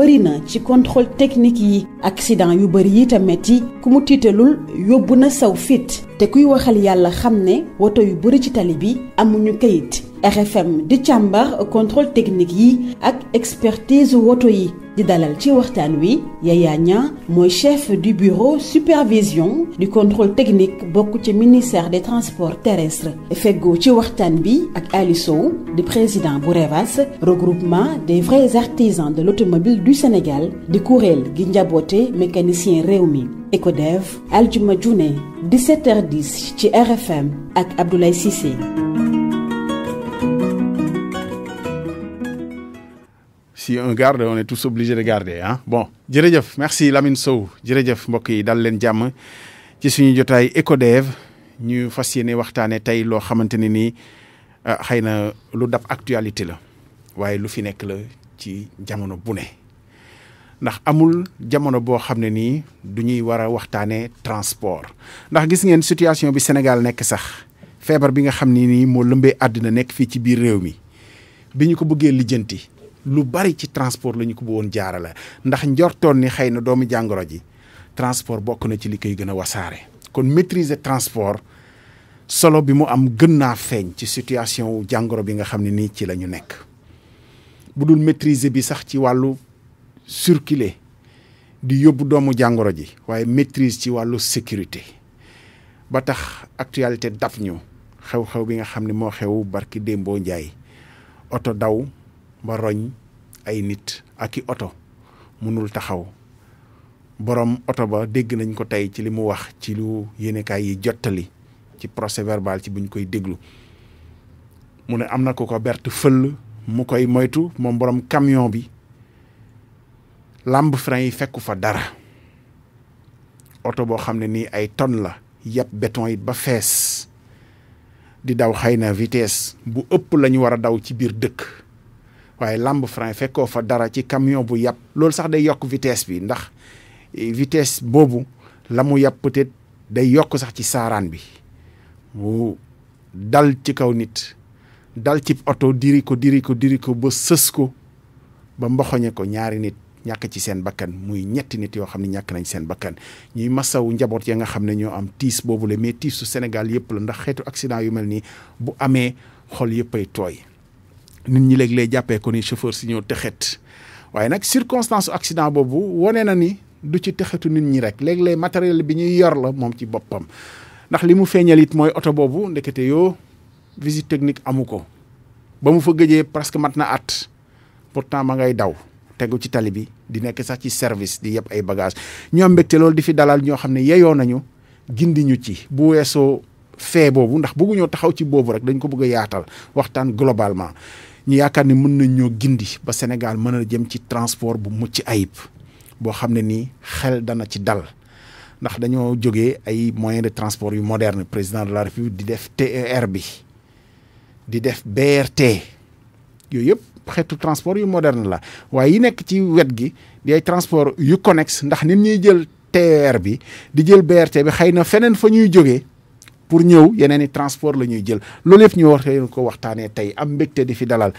bëri na ci contrôle technique yi accident yu bëri yi tamit yi ku mu tiitalul yóbbu na saw fit te kuy waxal yàlla xam ne woto yu bëri ci tali bi amuñu kayit RFM de càmbar contrôle technique yi expertise woto yi di dalal ci Yaya nyan, mooy chef du bureau supervision du contrôle technique beaucoup ci ministère des transports terrestres feggoo ci waxtaan bi ak président bourevas regroupement des vrais artisans de l'automobile du Sénégal de Kourel gi mécanicien réew mi ECODEV aljuma 17h10 ci RFM ak Abdoulaye Cissé si on garde on est tous obligés de garder hein. bon jërëjëf merci Lamine Sow jërëjëf mbokk yi dal leen jàmm ci suñu jotaay ECODEV ñu fas yéene waxtaanee tey loo xamante ne ah, lu dab actualité la waye lu fi nek la ci jamono bu ne ndax amul jamono bo xam ni duñuy wara ñuy transport ndax gis ngeen situation bi Sénégal nek sax feebar bi nga xam ni mo moo lëmbee nek fi ci biir réew mi bi ko lu bari ci transport la ñu ko bëggoon jaarale ndax njortoon ni xëy na doomu jàngoro ji transport bokk na ci li koy gën a wasaare. kon maîtriser transport solo bi mu am gën naa feeñ ci situation wu jàngoro bi nga xam ne nii ci la ñu nekk bu dul maîtriser bi sax ci wàllu circuler di yóbbu doomu jàngoro ji waaye maîtrise ci wàllu sécurité ba tax actualité daf ñu xew-xew bi nga xam ni moo xew barki démboo njaay oto daw. ba roñ ay nit aki i munul mënul taxaw borom oto ba dégg nañ ko tey ci li mu wax ci lu yéenekaay yi jottali ci procès verbal ci buñ koy déglu mu ne am na ko ko bert fëll mu koy moytu moom borom camion bi lamb frein yi fekku fa dara oto boo xam ay tonne la yab béton ba fess di daw xëy vitesse bu ëpp la ñu war daw ci dëkk waaye lamb frein fekkoo fa dara ci camion bu yàpp loolu sax day yokk vitesse bi ndax eh, vitesse boobu la mu yàpp peut-être day yokk sax ci saaraan bi bu dal ci kaw nit dal ci oto diri ko diri ko diri ko ba sës ko ba mboxoñe ko ñaari nit ñàkk ci seen bakkan muy ñetti nit yoo xam ne ñàkk nañ seen bakkan ñuy masawu njaboot ya nga xam ne ñoo am tiis boobu la mais tiis su Sénégal yëpp la ndax xeetu accident yu mel nii bu amee xol yëppay tooy nit ñi léeg-léeg jàppee ko ni chauffeur si ñëw texet waaye nag circonstance accident boobu wone na ni du ci texetu nit ñi rek léeg-léeg matériel bi ñuy yor la moom ci boppam ndax li mu feeñal it mooy oto boobu visite technique amu ko ba mu fa gëjee presque mat na at pourtant ma ngay daw tegu ci tali bi di nekk sax ci service di yeb ay bagage ñoo mbégte loolu di fi dalal ñoo xam ne yeyoo nañu gindi ñu ci bu weesoo fee boobu ndax bëgguñoo taxaw ci boobu rek dañ ko bëgg a yaatal waxtaan globalement ñu yaakaar ni mën nañ ñoo gindi ba Sénégal mën a jëm ci transport bu mucc ayib boo xam ne nii xel dana ci dal ndax dañoo jógee ay moyens de transport yu moderne président de la république di def te TER bi di def BRT yooyu yëpp xeetu transport yu moderne la waaye yi nekk ci wet gi di ay transport yu connexe ndax nit ñuy jël TER bi di jël BRT bi xëy na feneen fa ñuy jóge pour ñëw yeneen i transport la ñuy jël loolu yëpp ñu war ko waxtaanee tey am mbégte di fi dalal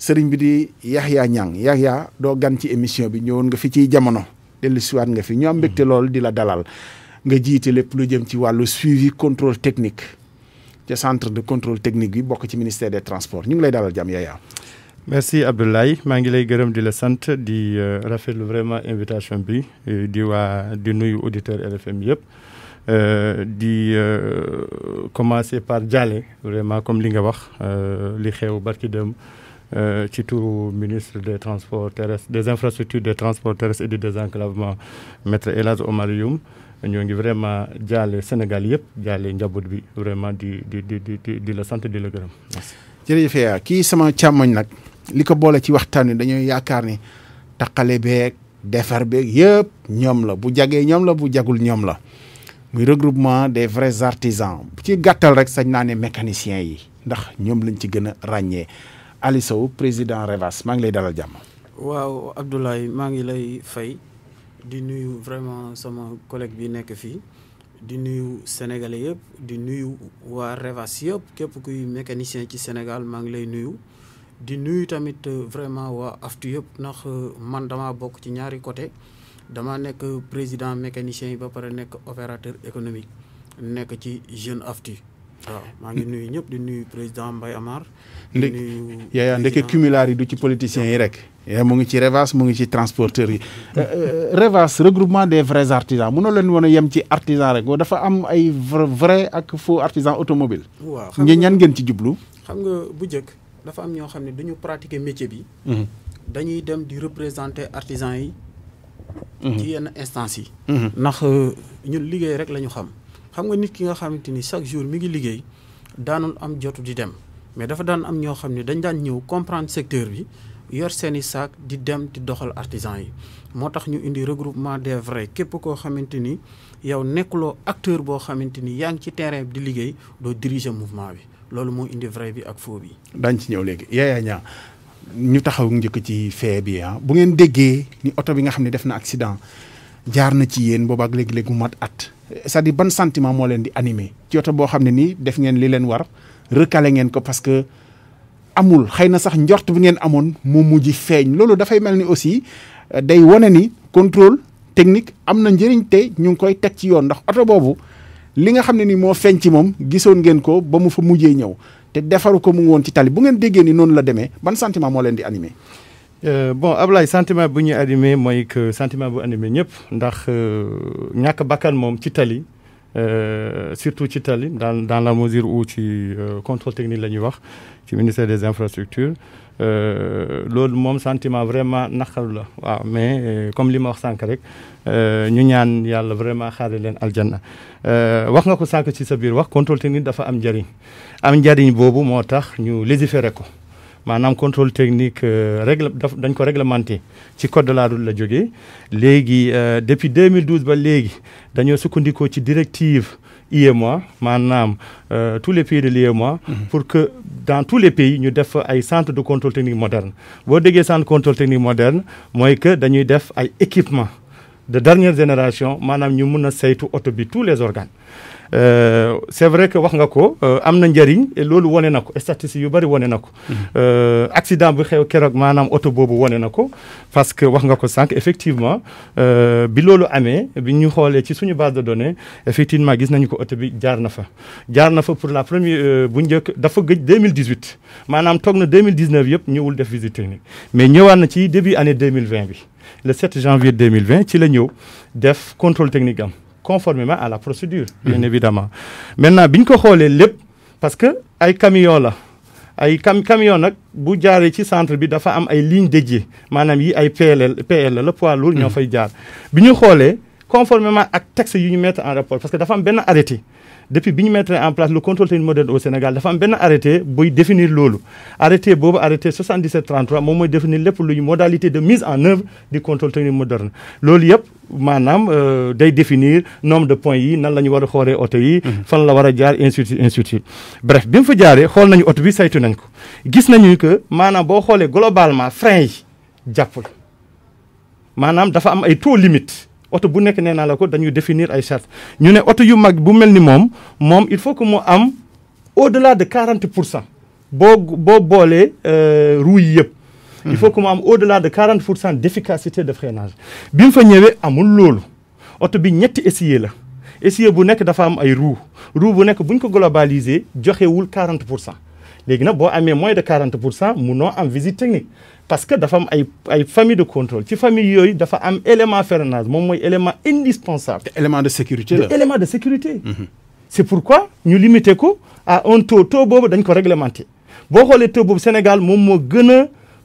sëriñ bi di yahya ñang yahya doo gan ci émission bi ñëwoon nga fi ci jamono dellu nga fi ñu am mbégte loolu di la dalal nga jiite lépp lu jëm ci wàllu suivi contrôle technique ca centre de contrôle technique bi bokk ci ministère des transports ñu ngi lay dalal jam Yaxya merci Abdoulaye maa ngi lay gërëm di la sant di euh, rafetlu vraiment invitation bi euh, di waa di nuyu auditeur RFM yëpp euh, di euh, commencer par Dialé vraiment comme li nga wax euh, li xew barki dem euh, ci ministre des transports terrestres des infrastructures des transports terrestres et du désenclavement maître El Hadj Omar Youm ñoo ngi vraiment jaale Sénégal yëpp jaale njaboot bi vraiment di di di di di la sant de la gërëm. jërëjëf yaa kii sama càmmoñ nag li ko boole ci waxtaan wi dañoo yaakaar ni taqale beeg defar beeg yëpp ñoom la bu jagee ñoom la bu jagul ñoom la muy regroupement des vrais artisans ci gàttal rek sañ naa ne mécaniciens yi ndax ñoom lañ ci gën a ràññee Ali Sow président Revas maa ngi lay dalal jàmm. waaw Abdoulaye maa ngi lay fay di nuyu vraiment sama collègue bi nekk fii di nuyu sénégalais yëpp di nuyu waa Revas yëpp képp kuy mécanicien ci Sénégal maa ngi lay nuyu. di nuyu tamit euh, vraiment waa aftu yëpp ndax euh, man dama bokk ci ñaari côté. dama nekk président mécanicien yi ba pare nekk opérateur économique nekk ci Jeune AFTU waaw maa ngi nuyu ñëpp di nuyu président Mbaye Amar. ndek yaa ndeke cumulaar yi du ci politiciens yi rek. yaa mu ngi ci Revas mu ngi ci transporteurs yi. Euh, euh, Revas regroupement des vrais artisans mënoo leen woon yem ci artisan rek dafa am ay vrai ak foo artisan automobile waaw xam ñan ngeen ci jublu. xam nga bu njëkk dafa am ñoo xam ne du ñu pratiquer métier bi. Mhm. dañuy dem yi. Mhm. ci yenn instance yi mhm. ndax euh, ñun liggéey rek lañu xam xam nga nit ki nga xamante ni chaque jour mi ngi liggéey daanul am jotu di dem mais dafa daan am ñoo xam ne dañ daan ñëw comprendre secteur bi yor seeni saak di dem di doxal artisan yi moo tax ñu indi regroupement des vrai képp koo xamante ni yow nekkuloo acteur boo xamante ni yaa ngi ci terrain bi di liggéey doo diriger mouvement bi loolu moo indi vrai bi ak faux bi. daañu ci ñëw léegi Yaya ñu taxaw njëkk ci fee bi ah bu ngeen déggee ni oto bi nga xam ne def na accident jaar na ci yéen boobaak léegi-léegi mu mat at cest à ban sentiment moo leen di animé ci oto boo xam ne nii def ngeen li leen war recalé ngeen ko parce que amul xëy na sax njort bi ngeen amoon mu mujj feeñ loolu dafay mel ni aussi euh, day wane ni contrôle technique am na njëriñ te ñu ngi koy teg ci yoon ndax oto boobu li nga xam ne ni moo feeñ ci moom gisoon ngeen ko ba mu fa mujjee ñëw te defaru ko mu ngi ci tali bu ngeen déggee ni non la demee ban sentiment mo leen di euh bon Ablaye sentiment bu ñu animé moy que sentiment bu animé ñep ndax euh, ñak bakkan mom ci tali euh, surtout ci tali dans dans la mesure où ci euh, contrôle technique la wax ci ministère des infrastructures loolu mom sentiment vraiment naqaru la wa mais comme li ma wax sank rek ñu ñaan yalla vraiment xaare len aljanna wax nga ko sank ci sa bir wax contrôle technique dafa am njëriñ am njariñ boobu moo tax ñu légiféré ko maanaam contrôle technique euh, règle dañ ko réglementé ci code de la route la jógee léegi euh, depuis 2012 ba léegi dañoo sukkandikoo ci directive IEMOA maanaam euh, tous les pays de l'IEMOA mhm. pour que dans tous les pays ñu def ay centre de contrôle technique moderne boo déggee centre de contrôle technique moderne mooy que dañuy def ay équipement de dernière génération maanaam ñu mun a saytu oto bi tous les organes euh, c'est vrai que wax nga ko euh, am na njëriñ loolu wane na ko statistiques yu bari wane na ko. Euh, accident bu xew kérok manam auto bobu wane na ko parce que wax nga ko sank effectivement bi lolu amé bi ñu xolé ci suñu base de données effectivement gis nañ ko auto bi jaar na fa. jaar na fa pour la première bu njëkk dafa gëj 2018 manam tok na 2019 yëpp ñewul def visite technique mais ñëwaat na ci début année 2020 bi le 7 janvier 2020 ci la ñëw def contrôle technique am conformément à la procédure mhm. bien évidemment maintenant bi ko xoolee parce que ay camions, la camions cam camion nag bu jaaree ci centre bi dafa am ay ligne dédiée manam yi ay PLL PL le poids lourd ñoo mhm. fay jaar bi conformément ak texte yu ñu mettre en rapport parce que dafa am ben arrêté depuis biñu mettre en place le contrôle technique moderne au Sénégal dafa am ben arrêté buy définir loolu arrêté bob arrêté 77 33 moom définir pour lu modalité de mise en œuvre du contrôle technique moderne loolu yépp je euh, day définir nombre de points yi nan la wara xoré auto yi. Mhm. fan la wara jaar bref bi fa jaaré xol nañu auto bi saytu nañ ko gis nañu que manam globalement frein yi dafa am ay taux limite auto bu définir ay ñu yu il faut que moi, am au delà de 40 de cent euh, il faut qu'on au-delà de 40 d'efficacité de freinage bi fait fa ñëwee amul de oto bi ñetti essieu la essieu bu nekk dafa am ay roue roue bu nekk bu globalisée, ko globaliser 40 pour cent léegi Si moins de 40 on cent visiter. visite technique parce que dafa am ay famille de contrôle ci famille a un élément de freinage un élément indispensable. Un élément de sécurité élément de sécurité. Mhm. c'est pourquoi nous limitons à un taux taux boobu dañ ko réglementé a xoolee taux au Sénégal moom moo gën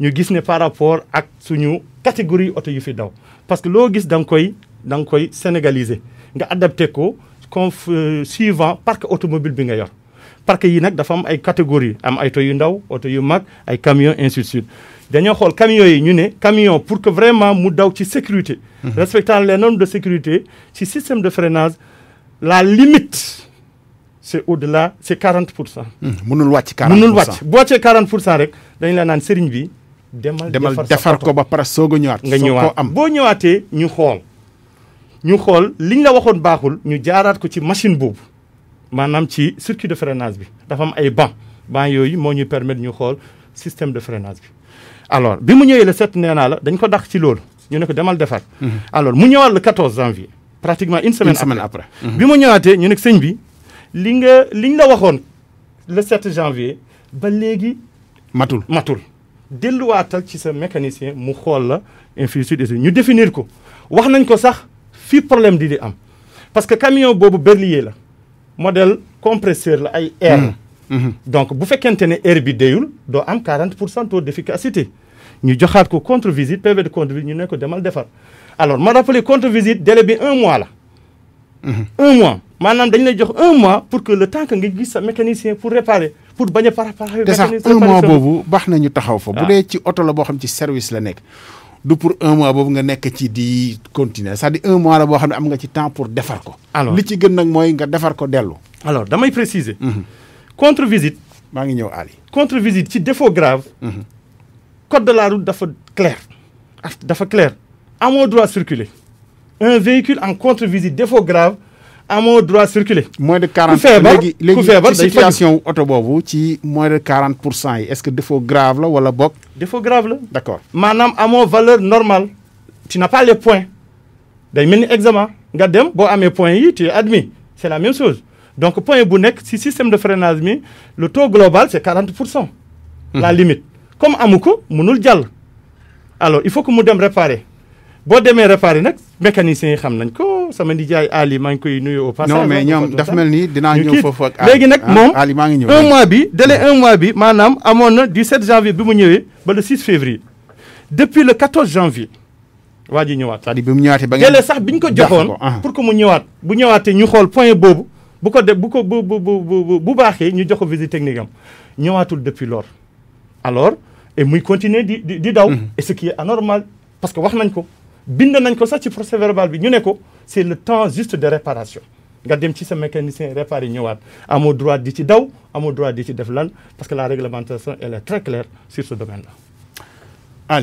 ñu gis ne par rapport ak suñu catégorie auto yu fi daw parce que loo gis da nga koy da nga koy sénégaliser nga adapté ko euh, suivant parc automobile bi nga yor parc yi nag dafa am ay catégorie am ay oto yu ndaw auto yu mag ay camion ainsi de suite dañoo camions ñu ne camion pour que vraiment mu daw ci sécurité mhm. respectant les normes de sécurité ci système de freinage la limite c'est au-delà c'est 40 mhm. pour cent mënul wàcc 40 mënul wàcc boo wàccee 40 pour cent rek dañ la naan sëriñ bi demal defar ko ba pare sogo a ñëwaat. nga ñëwaat am boo ñëwaatee ñu xool. ñu xool liñ la waxoon baaxul ñu jaaraat ko ci machine boobu maanaam ci circuit de freinage bi dafa am ay ban. Ban yooyu moo ñuy permettre ñu xool système de freinage bi. alors bi mu ñëwee le 7 nee naa la dañ ko dàq ci loolu ñu ne ko demal defar. Mhm. alors mu ñëwaat le 14 janvier. pratiquement une semaine après une semaine après. bi mu ñëwaatee ñu ne sëñ bi li nga liñ la waxoon le 7 janvier ba léegi. matul matul. delluwaatal ci sa mécanicien mu xool la infusud et ñu définir ko wax nañ ko sax fi problème di di am parce que camion boobu berlier la modèle compresseur la ay air mm-hmm. Mm-hmm. donc bu fekkente ne air bi deyul doo am 40 pour cent taux ñu joxaat ko contre visite PV de contre visite ñu ne ko demal defar alors ma rappelé contre visite délai bi un mois la mm-hmm. un mois maanaam dañ lay jox un mois pour que le temps que nga gis sa mécanicien pour réparer pour bañ a paraparaayu. te sax un mois boobu baax na ñu taxaw fa. bu ah. dee ci oto la boo xam ci service la nekk. du pour un mois boobu nga nekk ci di continuer c'est-à-dire un mois la boo xam ne am nga ci temps pour defar ko. alors li ci gën nag mooy nga defar ko dellu. alors damay préciser. Mhm. contre visite. maa ngi ñëw Ali. contre visite ci défaut grave. Mhm. code de la route dafa clair. dafa clair amoo droit circuler. un véhicule en contre visite défaut grave amoo droit circuler. moins de 40 ku léegi léegi situation oto ci moins de 40 est-ce que défaut grave la wala bokk. défaut grave la. d'accord maanaam amoo valeur normale. tu n'as pas les points day mel examen nga dem boo mes points yi tu es admis c'est la même chose donc point bu si si système de freinage admis le taux global c'est 40 la hmm. limite comme amu ko mënul jàll. alors il faut que mu dem réparer boo demee réparé nag mécanicien yi xam nañ ko sama nijaay Ali maa ngi nuyu au passage. non mais ñoom daf mel ni dinaa ñëw foofu ak. léegi nag ah, moom un mois bi délai un mois bi maanaam amoon na du 7 janvier bi mu ñëwee ba le 6 février depuis le 14 janvier. waa ji ñëwaat c'est-à-dire bi mu ñëwaatee ba ngeen délai sax bi ko joxoon ah. pour que mu ñëwaat bu ñëwaatee ñu xool point boobu bu ko de bu bu bu bu bu baaxee ñu jox visite technique am ñëwaatul depuis lors alors et muy continuer di di daw. Mm-hmm. et ce qui est anormal parce que wax nañ ko bind procès verbal c'est le temps juste de réparation nga dem ci mécanicien réparé a droit di ci droit parce que la réglementation elle est très claire sur ce domaine là.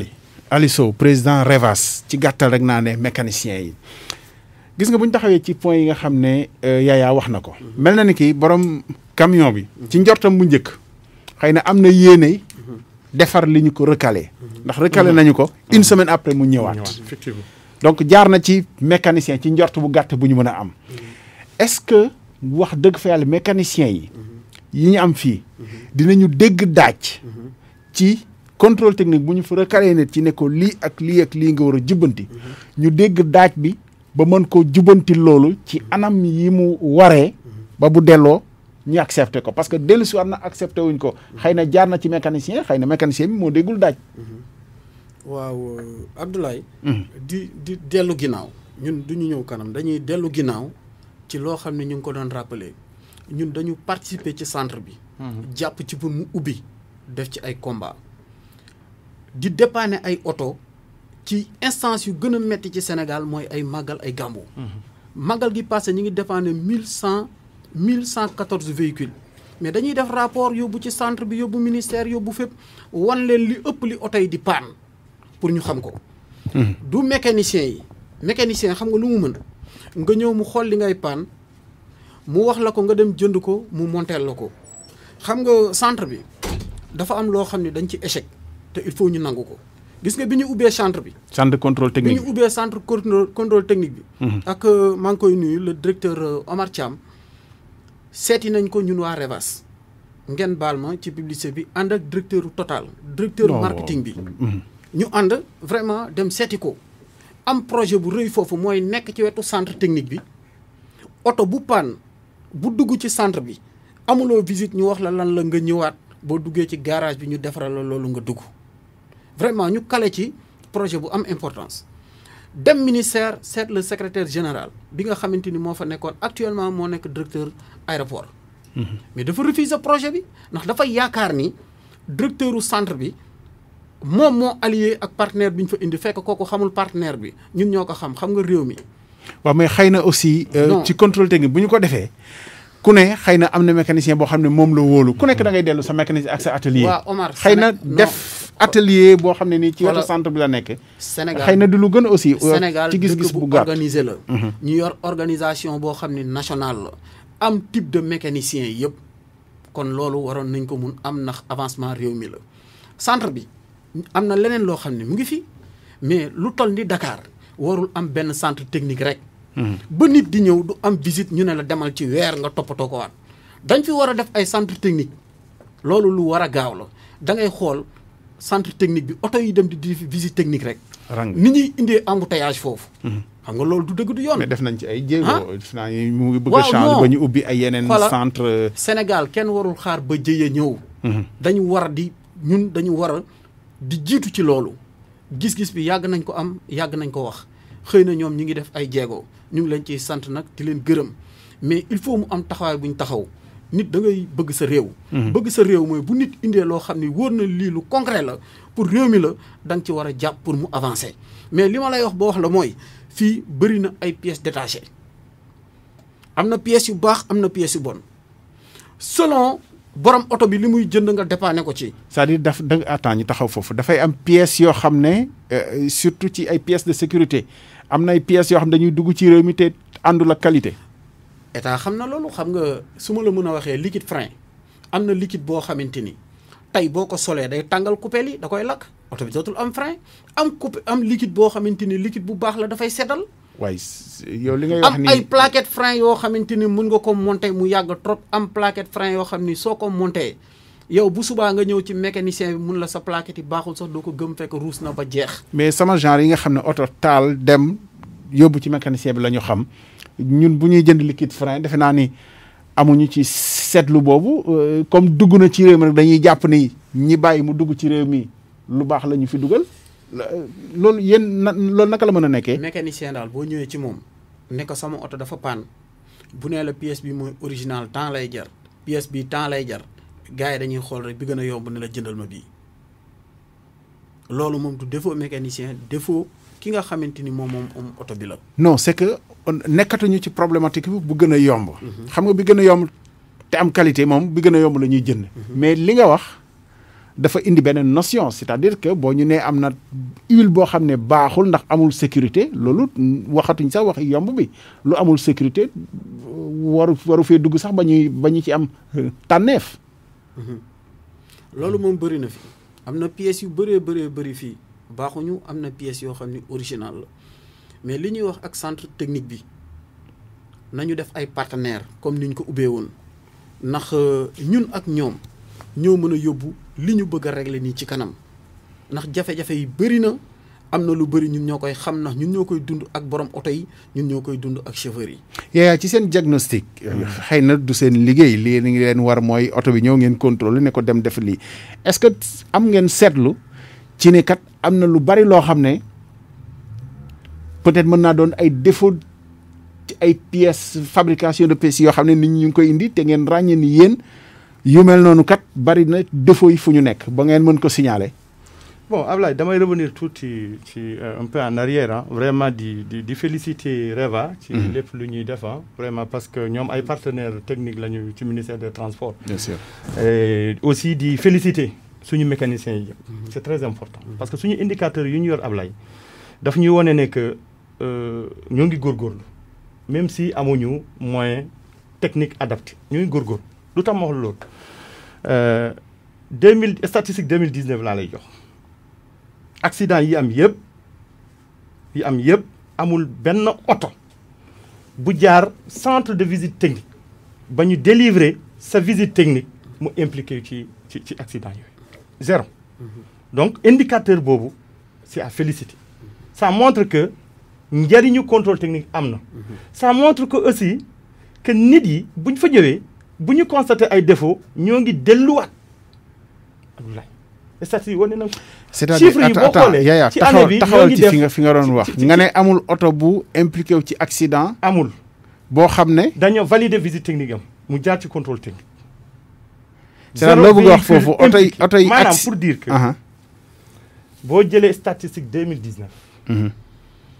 Ali président Revas tu as rek mécanicien yi gis nga euh, wax y mhm. mel camion defar li ñu ko recalé. ndax recalé mhm. nañu ko une mhm. semaine après mu ñëwaat. donc jaar na ci mécanicien ci njort bu gàtt bu ñu mën a am. Mhm. est-ce que wax dëgg fa yàlla mécanicien yi. yi ñu am fii. dinañu dégg daaj. ci contrôle technique bu ñu fa recalé nit ci ne ko lii ak lii ak lii nga war a jubbanti. ñu dégg daaj bi ba mën ko jubbanti loolu ci anam yi mu waree. ba bu delloo. ñu accepté ko parce que dellu si war na accepté wuñ ko xëy na jaar na ci mécanicien xëy na mécanicien bi moo déggul daaj. Mhm. waaw euh, Abdoulaye. Mhm. di di dellu ginnaaw. ñun du ñu ñëw kanam dañuy dellu ginnaaw ci loo xam ne ñu ngi ko doon rappelé ñun dañu participer ci centre bi. Mhm. jàpp ci pour mu ubbi def ci ay combat di dépanner ay oto ci instance yu gën a metti ci Sénégal mooy ay maggal ay gàmmu. màggal gi passé ñu ngi dépanner 1114 véhicules mais dañuy def rapport yobu ci centre bi yobu ministère yobu fep won leen li ëpp li auto yi di panne pour ñu xam ko. Hmm. du mécanicien yi mécanicien xam nga lu mu mën nga ñëw mu xol li ngay panne mu wax la ko nga dem jënd ko mu monteel la ko xam nga centre bi dafa am lo xam ne dañ ci échec te il faut ñu nangu ko. gis nga biñu ñu centre bi. centre contrôle technique bi ñu centre contrôle technique bi. Hmm. ak euh, maa ngi koy nuyu le directeur euh, Omar Thiam. seeti nañ ko ñun waa Revas ngeen baal ma ci publicité bi ànd ak directeur total. directeur marketing bi. Mm-hmm. ñu ànd vraiment dem seeti ko. am projet bu rëy foofu mooy nekk ci wetu centre technique bi oto bu panne bu dugg ci centre bi amuloo visite ñu wax la lan la nga ñëwaat boo duggee ci garage bi ñu defaral la loolu nga dugg vraiment ñu kale ci projet bu am importance. dem ministère c'est le secrétaire général bi nga xamanteni mo fa nekkoon actuellement mo nekk directeur aéroport. Mhm. mais dafa refuser projet bi ndax dafa yaakaar ni du centre bi mom mo allié ak partenaire bi fa indi fekk koko xamul partenaire bi ñun ñoko xam xam nga réew mi. waaw mais xeyna aussi. Euh, ci contrôle technique bu ñu ko défé ku ne xeyna na mécanicien bo xamné mom moom la wóolu ku nekk da ngay déllu sa mécanicien ak sa atelier. waaw Omar xëy def atelier bo xam ne ci wetu centre bi la nek Sénégal xeyna du lu gën aussi. Euh, ci gis-gis bu gàtt organisé la. Mhm. ñu yor organisation bo xam national nationale la am type de mécanicien yépp kon loolu waroon nañ ko mun am ndax avancement réew mi la centre bi am na leneen loo xam ne mu ngi fi mais lu toll ni Dakar warul am benn centre technique rek. Mhm. ba nit di ñëw du am visite ñu ne la demal ci weer nga toppatoo ko waat dañ fi war a def ay centre technique loolu lu war a gaaw la da ngay xool. centre technique bi oto yi dem di di visite technique rek. ni ñuy indee embouteillage foofu. Mhm. xam nga loolu du dëgg du yoon. mais def nañ ci ay jéego. ah mu ngi bëgg a changer ba ñu ubbi ay yeneen. centre Sénégal kenn warul xaar ba jëye ñëw. Mhm. dañu war di ñun dañu war di jiitu ci loolu. gis-gis bi yàgg nañ ko am yàgg nañ ko wax xëy na ñoom ñu ngi def ay jéego ñu ngi leen ciy sant nag di leen gërëm mais il faut mu am taxawaay bu taxaw. nit da bëgg sa réew. Mhm. bëgg sa réew bu nit ne wóor pour réew mi pour mais li ma lay wax wax la mooy fii ay pièces détachées am pièces yu baax am pièces yu bon selon borom oto bi li jënd nga dépanné c'est-à-dire daf da nga attend pièces euh, surtout de sécurité am na ay pièces yoo qualité. eta xamna lolu xam nga suma la mën a liquide frein amna liquide bo xamanteni tay boko solé day tangal coupé li da koy lakk bi dotul am frein am coupé am liquide bo xamanteni liquide bu bax la fay seddal. way yow li ngay wax ni am ay plaquette frein yo xamanteni mën nga ko monter mu yag trop am plaquette frein yo xamni soko soo monter yow bu suba nga ñew ci mécanicien bi mun la sa plaquette yi baxul sax doo ko gëm fekk rouss na ba jeex. mais sama genre yi nga xam auto tal dem yo ci mécanicien bi lañu xam. ñun bu ñuy jënd liquide frein defe naa ni amuñu ci seetlu boobu euh, comme dugg na ci réew mi rek dañuy jàpp ni ñi bàyyi mu dugg ci réew mi lu baax la ñu fi dugal euh, loolu yéen na loolu naka la mën a nekkee. mécanicien daal boo ñëwee ci moom ne ko sama oto dafa panne bu nee la pièce bi mooy original temps lay jar pièce bi temps lay jar gars yi dañuy xool rek a yomb ne la jëndal ma bii loolu moom du défaut mécanicien défaut ki nga xamante ni moom moom oto bi la. non c'est que. nekkatuñu ci problématique bi bu gën a yomb. xam nga bi gën a yomb te am qualité moom bi gën a yomb la ñuy jënd. mais li nga wax dafa indi beneen notion c'est-à-dire que boo ñu nee am na huile boo xam ne baaxul ndax amul sécurité loolu waxatuñ sax wax yomb bi lu amul sécurité waru waru fee dugg sax ba ñuy ba ñu ci am euh, tànneef. Mm-hmm. loolu moom bëri na fi am na pièces yu bëree bëree bari fii baaxuñu am na pièces yoo xam ne original la. mais li ñuy wax ak centre technique bi nañu def ay partenaires comme ni ñu ko ubbee woon ndax euh, ñun ak ñoom ñoo mën a yóbbu li ñu bëgg a régler nii ci kanam ndax jafe-jafe yi bëri na am na lu bëri ñun ñoo koy xam ndax ñun ñoo koy dund ak borom oto yi ñun ñoo koy dund ak chauffeur yi. yaa ci seen diagnostic. Euh, hmm. xëy na du seen liggéey li ngi leen war mooy oto bi ñëw ngeen lu ne ko dem def lii est-ce que am ngeen seetlu ci ne kat am na lu bari loo xam ne. peut-être mën naa doon ay défaut ci ay pièces fabrication de pièces yoo xam ne nit ñu ngi koy indi te ngeen ràññee ni yéen yu mel noonu kat bari na défaut yi fu ñu nekk ba ngeen mën ko signaler. bon Ablaye damay revenir tuuti ci euh, un peu en arrière hein. vraiment di di di féliciter Reva. ci mhm. lépp lu ñuy def hein. vraiment parce que ñoom ay partenaires techniques lañu ci ministère des transports. bien sûr et aussi di féliciter suñu mécanicien yi. Mhm. c'est très important parce que suñu indicateur yu ñu yor Ablaye daf ñuy wone ne que. Euh, ñoo ngi góorgóorlu même si nous moyen technique adapté techniques adaptés. Nous avons tax ma wax loolu euh, deux les statistique 2019, 2019. Les accidents laa lay jox accident yi am yëpp yi am amul ben auto bu centre de visite technique qui a délivrer sa visite technique mu impliqué ci ci accident zéro mm-hmm. donc indicateur est c'est à féliciter ça montre que njariñu contrôle technique am na. ça montre que aussi que nit yi buñ fa ñëwee bu ñu constaté ay défaut ñoo ngi delluwaat. Abdoulaye statistiques yi wane na. chiffres yi boo xoolee ci année bi taxawal ci fi nga fi nga doon wax. nga ne amul auto bu impliqué ci accident. amul boo xam ne. dañoo valider visite technique am mu jaar ci contrôle technique. c'est-à-dire loo bëgg wax foofu auto yi oto yi. maanaam pour dire que. Uh-huh. boo jëlee statistique 2019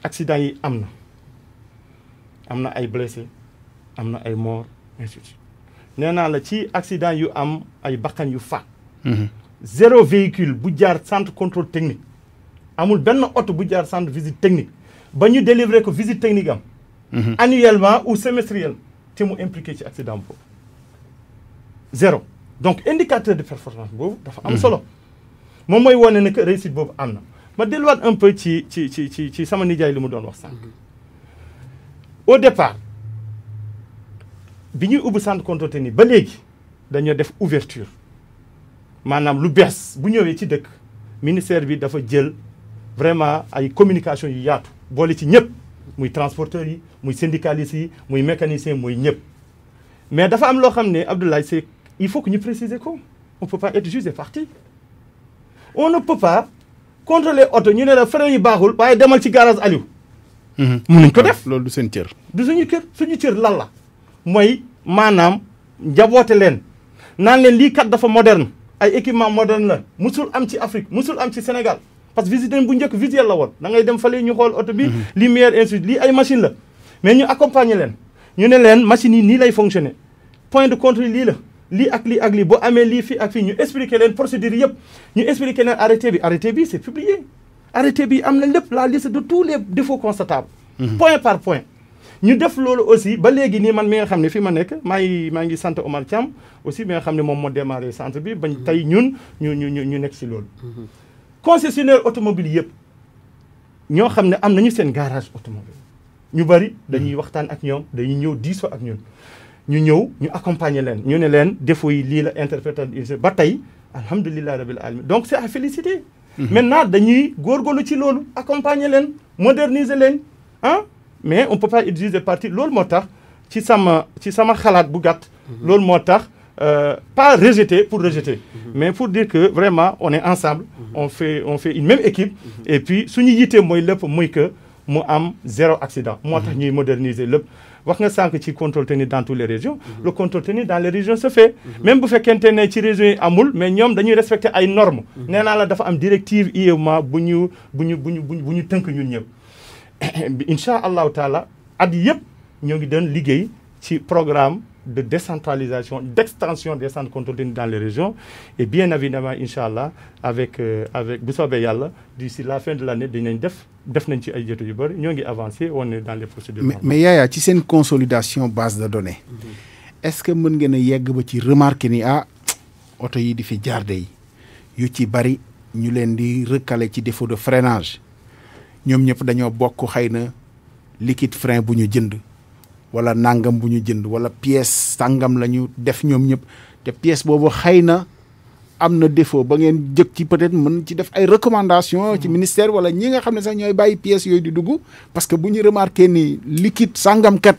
accident yi am na ay blessé am na ay mort ainsi de suite nee naa la ci accident yu am ay bakkan yu fa. Mhm. zéro véhicule bu jaar centre contrôle technique amul benn oto bu jaar centre visite technique ba ñu délivrer ko visite technique am mhm. annuellement ou semestriel te mu impliqué ci accident boobu zéro donc indicateur de performance boobu dafa am mhm. solo moom mooy wane ne réussite ma delluwaat un peu chi ce que sama mu au départ une ouverture Madame lu si bu ñëwee ci ministère bi vraiment communication yu yaatu boole ci muy transporteurs yi syndicalistes mais il faut que préciser quoi. on peut pas être juste et parti. on ne peut pas contrôler oto ñu ne la frein yi baaxul waaye demal ci garage Aliou. Mhm. mu ko ah, def loolu du seen cër. du suñu cër suñu cër lan la mooy maanaam jaboote leen nan leen lii kat dafa moderne ay équipement moderne la musul am ci Afrique musul am ci Sénégal parce que visite bu njëkk visuel la woon da ngay dem falee ñu xool oto bi. Mhm. lumière ainsi lii ay machine la mais ñu accompagner leen ñu ne leen machines yi nii lay fonctionner point de contrôle lii la. li ak li ak li bo amé li fi ak fi ñu expliquer len procédure yépp ñu expliquer leen arrêté bi arrêté bi c'est publié arrêté bi amna lepp la liste de tous les défauts constatables mhm. point par point ñu def loolu aussi ba léegi nii man mi nga xam ne fi ma nekk maa ngi maa ngi sant Omar Thiam aussi mi nga xam ne moom moo démarré centre bi bañ mhm. tey ñun ñu ñu ñu ñu nekk si loolu mhm. concessionnaire automobile yëpp ñoo xam ne am nañu seen garage automobile ñu bari dañuy waxtaan ak ñoom dañuy ñëw diisoo ak ñun ñu ñëw ñu accompagner leen ñu ne leen défaut yi lii la interprétation ba tey alhamdulilah rabil alamin donc c'est à féliciter. Mhm. maintenant dañuy góorgóorlu ci loolu accompagner leen moderniser leen ah mais on peut pas utiliser parti loolu moo tax ci sama ci sama xalaat bu gàtt. Mhm. loolu moo tax euh, pas rejeter pour rejeter. Mhm. mais pour dire que vraiment on est ensemble. on fait on fait une même équipe. et puis suñu yitee mooy lépp mooy que mu am zéro accident. moo tax ñuy moderniser lépp wax nga sànq ci contrôle tenu dans toutes les régions mhm. le contrôle tenu dans les régions se fait mhm. même bu fekkente ne ci région à amul mais ñoom dañuy respecter ay normes mhm. nee naa la dafa am directive IEMA bu ñu bu ñu bu ñu bu ñu que ñun ñëpp Insha Allah taala at yëpp ñoo ngi liggéey ci programme de décentralisation, d'extension des centres contrôlés dans les régions. Et bien évidemment, Inch'Allah, avec, euh, avec d'ici la fin de l'année, nous avons avancé, on est dans les procédures. Mais, mais Yaya, tu sais une consolidation base de données. Mhm. Est-ce que vous pouvez remarquer ni a ah, auto yi di fi jaar yi yu ci bari ñu leen recalé ci défaut de freinage Nous avons dañoo bokk liquide frein pour nous jënd wala nangam bu ñu jënd wala pièce sàngam la ñu def ñoom ñëpp te pièce boobu xëy na am na défaut ba ngeen jëkk ci peut-être mën ci def ay recommandation ci mm-hmm. ministère wala ñi nga xam ne sax ñooy bàyyi pièces yooyu di dugg parce que bu ñu remarqué ni liquide sàngamkat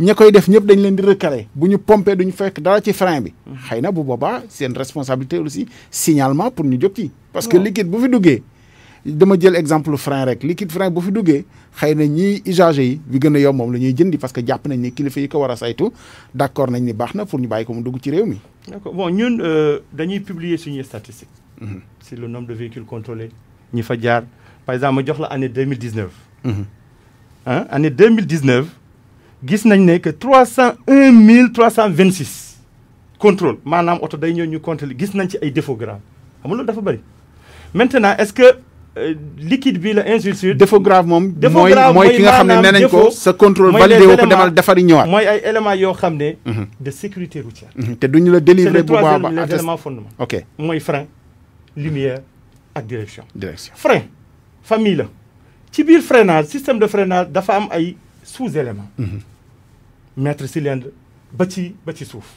ña koy def ñëpp dañ leen di recalé bu ñu du ñu fekk dara ci frein bi mm-hmm. xëy na bu boobaa seen responsabilité aussi signalement pour ñu jóg ci parce que liquide bu fi duggee dama jël exemple frein rek liquide frein bu fi duggee xeyna ñi ñiy usager yi bi gëna a mom moom la ñuy jëndi parce que japp nañ ni kilifa yi ko wara saytu d'accord nañ ni baxna pour ñu bayiko mu dugg ci réew mi. d'accord bon ñun euh, dañuy publier suñu statistiques. c'est mhm. le nombre de véhicules contrôlés ñi fa jaar par exemple jox la année 2019. Mhm. hein année 2019 gis nañ ne que 301 326 contrôle manam auto day ñëw ñu contrôler gis nañ ci ay défauts graves xam nga dafa bari maintenant est ce que. Euh, liquide bi la insulte. défaut grave mom défaut grave mooy ki nga xamné ne ko sa contrôle validé wu ko demal defari ñëwaat. mooy ay éléments yo xamné mhm. de sécurité routière. Mhm. té duñu la délivrer bu baax ba fondement. ok moy frein lumière ak direction. direction frein famille la ci biir freinage système de freinage dafa am ay sous éléments. Mhm. maître cylindre ba ci ba ci suuf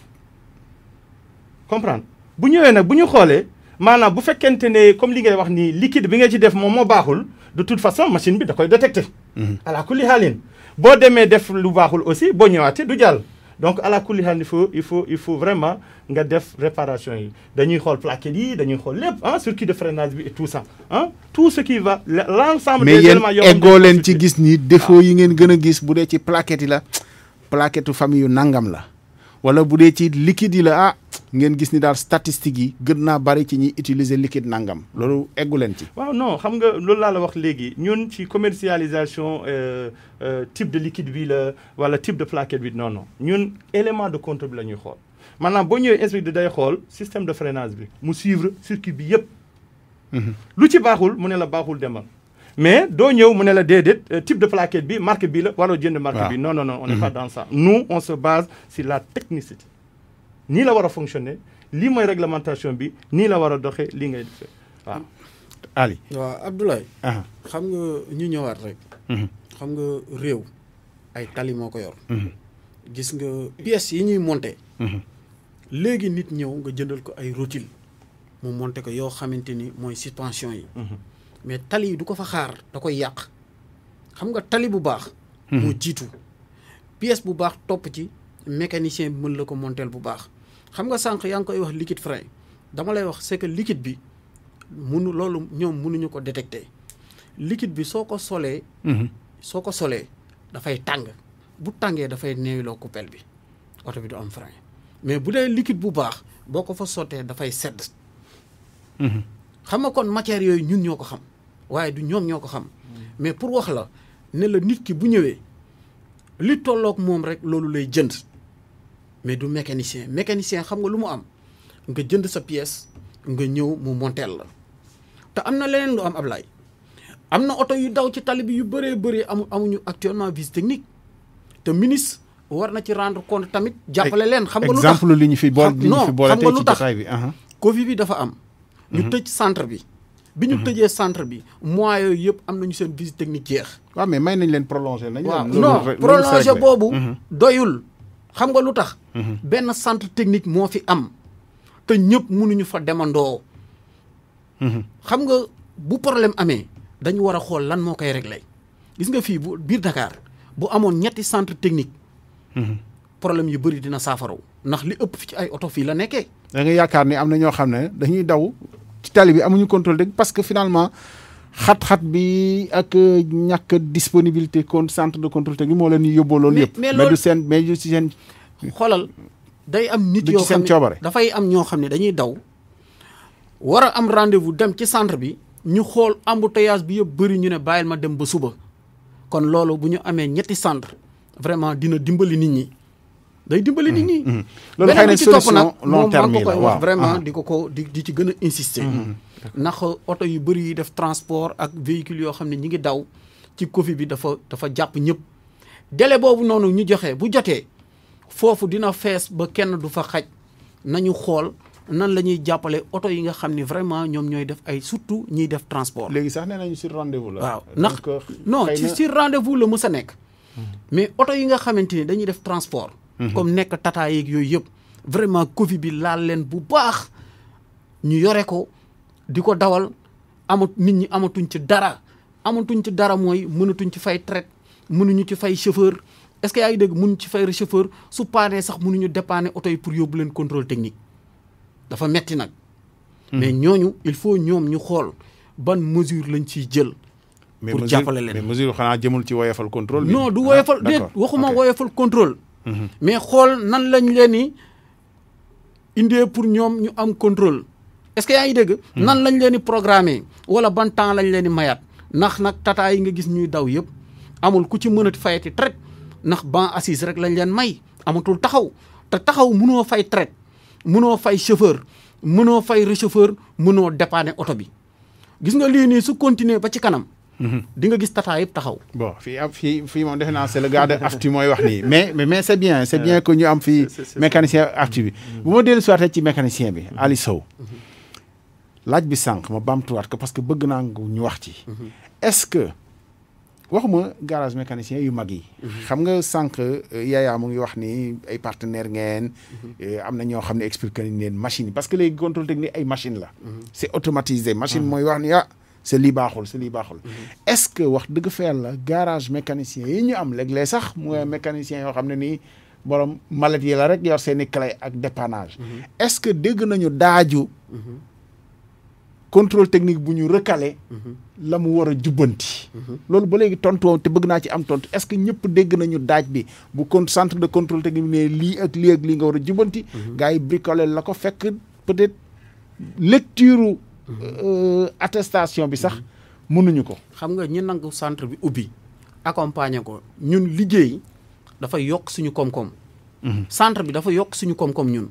comprendre bu ñëwé nak bu ñu xolé maanaam bu fekkente ne comme li ngay wax ni liquide bi nga ci def moom moo baaxul de toute façon machine bi da koy détecté mhm. la kulli haalin boo demee def lu baaxul aussi boo ñëwaatee du jàll donc la kulli haalin il faut il faut il faut vraiment nga def réparation yi dañuy xool plaquettes yi dañuy xool lépp ah circuit de freinage bi et tout ça hein tout ce qui va l'ensemble des éléments mais yéen eggoo leen ci gis ni défaut ah. yi ngeen gën a gis bu dee ci plaquettes yi la plaquette famille yu nangam la wala bu dee ci liquide yi la ah ngeen gis ni daal statistique yi gën naa bari ci ñuy utiliser liquide nangam loolu eggu leen ci. waaw non xam nga loolu laa la wax léegi ñun ci commercialisation euh, euh, type de liquide bi la wala type de plaquette bi non non ñun élément de contrôle bi la ñuy xool maanaam boo ñëwee inspecteur day xool système de freinage bi mu suivre circuit bi yëpp. Mhm. lu ci baaxul mu ne la baaxul demal mais doo ñëw mu ne euh, type de plaquette bi marque bi la jënd marque bi non non non on n'est mm-hmm. pas dans ça nous on se base sur la technicité Ni la war fonctionner lii réglementation bi la war a doxee ngay defee waaw Ali Abdoulaye ah. xam nga ñu ñëwaat rek mm-hmm. xam nga réew ay tali moo ko yor mm-hmm. gis nga pièces yi ñuy nit ñëw nga jëndal ko ay mu monter ko yoo xamante ni suspension mais tali du ko fa xaar da koy yàq xam nga tali bu baax. mu hmm. jiitu pièce bu baax topp ci mécanicien bi mën la ko monteel bu baax. xam nga sànq yaa ngi koy wax liquide frein dama lay wax c'est liquide bi munu loolu ñoom munuñu ko détecter liquide bi soo ko solee. Hmm. soo ko solee dafay tàng bu tàngee dafay néewloo coupelle bi oto bi du am frein mais bu dee liquide bu baax boo ko fa sottee dafay sedd. Hmm. xam nga kon matière yooyu ñun ñoo ko xam. waaye du ñoom ñoo ko xam mais pour wax la ne la nit ki bu ñëwee li tollook moom rek loolu lay jënd mais du mécanicien mécanicien xam nga lu mu am nga jënd sa pièce nga ñëw mu monteel la te am na leneen lu am Ablaye am na oto yu daw ci tali bi yu bëree bëri amu amuñu actuellement visite technique te ministre war na ci rendre compte tamit jàppale leen xam nga lu tax exemple li ñu fi boole li ñu fi boole bi non bi dafa am ñu mhm. tëj centre bi bi ñu mhm. tëjee centre bi mois yooyu yëpp am nañu seen visite technique jeex. waaw mais may nañ leen prolongé nañ. waaw non prolongé boobu. Mhm. doyul xam nga lu tax. Mhm. benn centre technique moo fi am te ñëpp mënuñu fa demandoo. xam nga bu problème amee dañu war a xool lan moo koy réglé gis nga fii bu biir Dakar bu amoon ñetti centre technique. problème yu bëri dina saafaraw ndax li ëpp fi ci ay oto fii la nekkee. da yaakaar ni am na ñoo xam ne dañuy daw ci tali bi amuñu contrôle dëgg parce que finalement xat-xat bi ak ñàkk disponibilité compte centre de contrôle technique moo leen yóbboo yëpp mais du seen mais du ci seen xoolal day am nit yoo xam ne dafay am ñoo xam ne dañuy daw war a am rendez-vous dem ci centre bi ñu xool embouteillage bi yëpp bëri ñu ne bàyyil ma dem ba suba kon loolu bu ñu amee ñetti centre vraiment dina dimbali nit ñi day dimbali nit ñi. Mhm, mhm. loolu xëy na solution long terme yi la waaw vraiment di ko ko di di ci gën a insister. Mhm. ndax oto yu bëri yi def transport ak véhicule yoo xam ne ñi ngi daw ci Covid bi dafa dafa jàpp ñëpp. délai boobu noonu ñu joxee bu jotee foofu dina fees ba kenn du fa xaj nañu xool. nan la ñuy jàppale oto yi nga xam ni vraiment ñoom ñooy def ay surtout ñiy def transport. léegi sax nee nañu sur rendez-vous la. waaw ndax euh, non ci sur rendez-vous la mës a nekk. mais oto yi nga xamante ni dañuy def transport. Mhm. comme nek tata yeeg vraiment Covid bi laal len bu Nous ñu yore ko dawal amut nit ñi amatuñ ci dara amatuñ ci dara ci fay ci fay chauffeur est-ce que yaay deug mënuñ chauffeur su pané sax mënuñu dépanner pour yobul contrôle technique dafa metti mhm. mais il faut ñom ñu ban mesure lañ ci jël. pour jàppale len mais mesure xana jëmul ci woyefal contrôle. non du ah, waxuma contrôle. mais xool nan lañ leen ni indee pour ñoom ñu am contrôle est-ce que yaa ngi dégg. Hmm. nan lañ leen di programmer wala ban temps lañ leen di mayaat ndax nag tata yi nga gis ñuy daw yëpp amul ku ci mën a fayati traite ndax ban assise rek lañ leen may amatul taxaw te taxaw mënoo fay traite mënoo fay chauffeur mënoo fay rechauffeur mënoo dépanner oto bi gis nga lii nii su continuer ba ci kanam. di nga gis tata yëpp taxaw. bon fi fi fi fii moom defe naa c'est le gars de aftu mooy wax nii mais mais c'est bien c'est bien que ñu am fii mécanicien aftu bi. Mm-hmm. bu ma dellu siwaatee ci mécanicien bi mm-hmm. Ali Sow. Mm-hmm. laaj bi sànq ma baamtuwaat ko parce que bëgg naa ñu wax ci. est-ce que waxuma garage mécanicien yu mag yi. xam nga sànq euh, yaayaa mu ngi wax ni ay partenaire ngeen. Euh, am na ñoo xam ne expliqué nañ leen machine yi parce que léegi contrôle technique ay machine la. c'est automatisé machine mooy wax ni ah. c' est lii baaxul c' est lii baaxul. Mhm. est ce que wax dëgg fa la garage mécanisien yi ñu am léeg sax mu mhm. mécanicien yoo xam ne nii borom mallette yi la rek yor seen i clé ak dépannage. Mhm. est ce que dégg nañu daaju. contrôle technique bu ñu recalé. la mu war a jubbanti. loolu ba léegi tontu woon te bëgg naa ci am tontu est ce que ñëpp dégg nañu daaj bi bu con centre de contrôle technique ne lii ak lii ak nga war a jubbanti. gars yi la ko fekk peut être lecture. Euh, attestation bi sax mënuñu ko. xam nga ñi nangu centre bi ubbi accompagner ko ñun liggéey dafa yokk suñu koom-koom. Mhm. centre bi dafa yokk suñu koom-koom ñun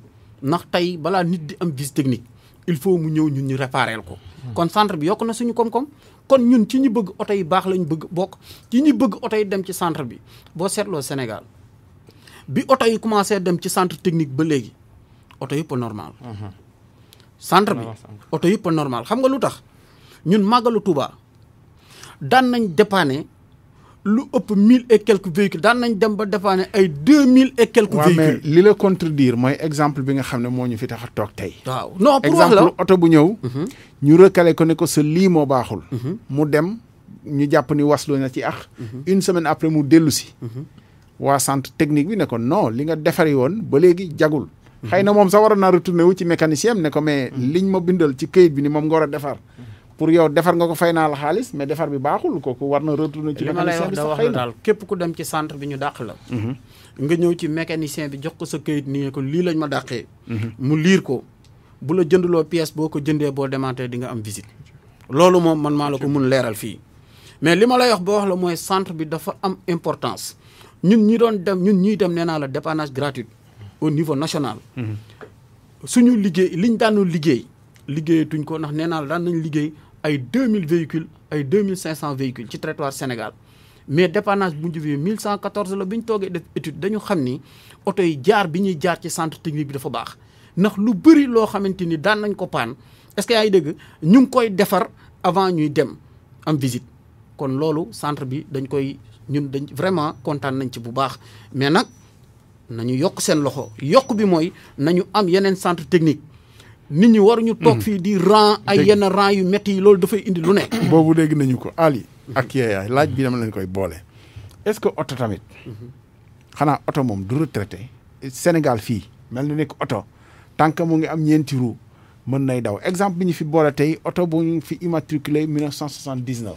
ndax tey balaa nit di am visite technique il faut mu ñëw ñun ñu réparer ko. Mhm. kon centre bi yokk na suñu koom-koom kon ñun ci ñu bëgg oto yi baax lañu bëgg bokk ci ñu bëgg oto yi dem ci centre bi boo seetloo Sénégal bi oto yi commencé dem ci centre technique ba léegi oto yëpp normal. Mhm. centre bi oto yëpp normal xam nga lu tax ñun màggalu Touba daan nañ dépanner lu ëpp mille et quelques véhicules daan nañ dem ba dépanner ay deux mille et quelques véhicules waaw mais li la contredire mooy exemple bi nga xam ne moo ñu fi tax a toog tey waaw non pour wax la oto bu ñëw mhm. ñu recalé ko ne ko sa lii moo baaxul mhm. mu dem ñu jàpp ni waslu na ci ax mhm. une semaine après mu dellusi waa centre technique bi ne ko non li nga defari woon ba léegi jagul Mm-hmm. xëy mom sa sax waroon retourné wu ci mécanicien ne ko mais mm-hmm. liñ mo bindal ci këyit bi ni mom ngora defar mm-hmm. pour yow defar nga ko final naa mais defar bi baaxul ko war na retourné ci mécanicien bi sax képp ku dem ci centre bi ñu dàq la nga ñew ci mécanicien bi jox ko sa këyit ni ko li lañ ma mu lire ko bu la pièce boko jëndé bo di nga am visite lolu mom man maa la ko me lima fii mais lima lay wax bo wax la moy centre bi dafa am importance ñun ñi doon dem ñun ñi dem néna la dépannage gratuit au niveau national. suñu liggéey liñ daanu liggéey liggéeyatuñ ko ndax nee naa la daan nañ liggéey ay 2000 véhicules ay 2500 véhicules ci territoire Sénégal mais dépannage bu ñu 1114 mille cent quatorze la bi ñu toogee def étude dañu xam ni oto yi jaar bi ñuy jaar ci centre technique bi dafa baax ndax lu bëri loo xamante ni daan nañ ko paan est-ce que yaa ngi dégg ñu ngi koy defar avant ñuy dem am visite kon loolu centre bi dañ koy ñun dañ vraiment kontaan nañ ci bu baax mais nag. nañu yokk seen loxo yokk bi mooy nañu am yeneen centre technique nit ñi waruñu toog hmm. fii di rang ay yenn rang yu métti yi loolu dafay indi lu ne boobu dégg nañu ko Ali ak yeeyaay laaj bi dama leen koy boole est-ce que oto tamit mm-hmm. xanaa oto moom du retraité Sénégal fii mel na nekk oto tànk mu ngi am ñeenti ru mën nay daw exemple bi ñu fi boole tey oto bu ñu fi immatriculé 1979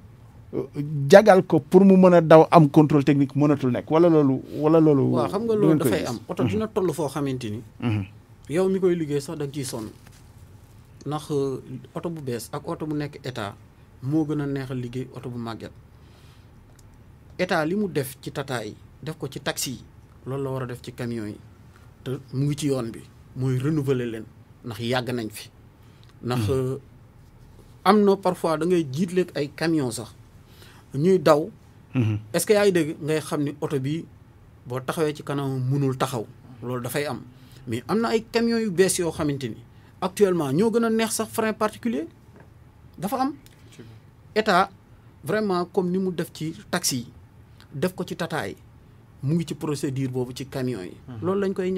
jagal ko pour mu mën daw am contrôle technique mënatul nekk wala loolu wala loolu. waaw xam nga loolu dafay am oto dina toll foo xamante ni. Mhm. yow mi koy liggéey sax da nga ciy sonn ndax euh, oto bu bees ak oto bu nekk état moo gën a neexal liggéey oto bu màgget état li mu def ci tata yi def ko ci taxi yi loolu la war a def ci camion yi te mu ngi ci yoon bi mooy renouveler leen ndax yàgg nañ fi. ndax mhm. euh, am na parfois da ngay jiitleeg ay camion sax. ñuy daw. Mhm. est-ce que y a ngay xamni auto bi bo taxawé ci kanam mënul taxaw da fay am mais nous ay camions yu actuellement nous gëna a neex sax frein particulier dafa am. état vraiment comme ni mu def taxi def ko ci tataay mu ngi ci procédure nous ci camions yi. Mhm. lañ koy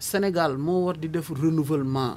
Sénégal mo war di renouvellement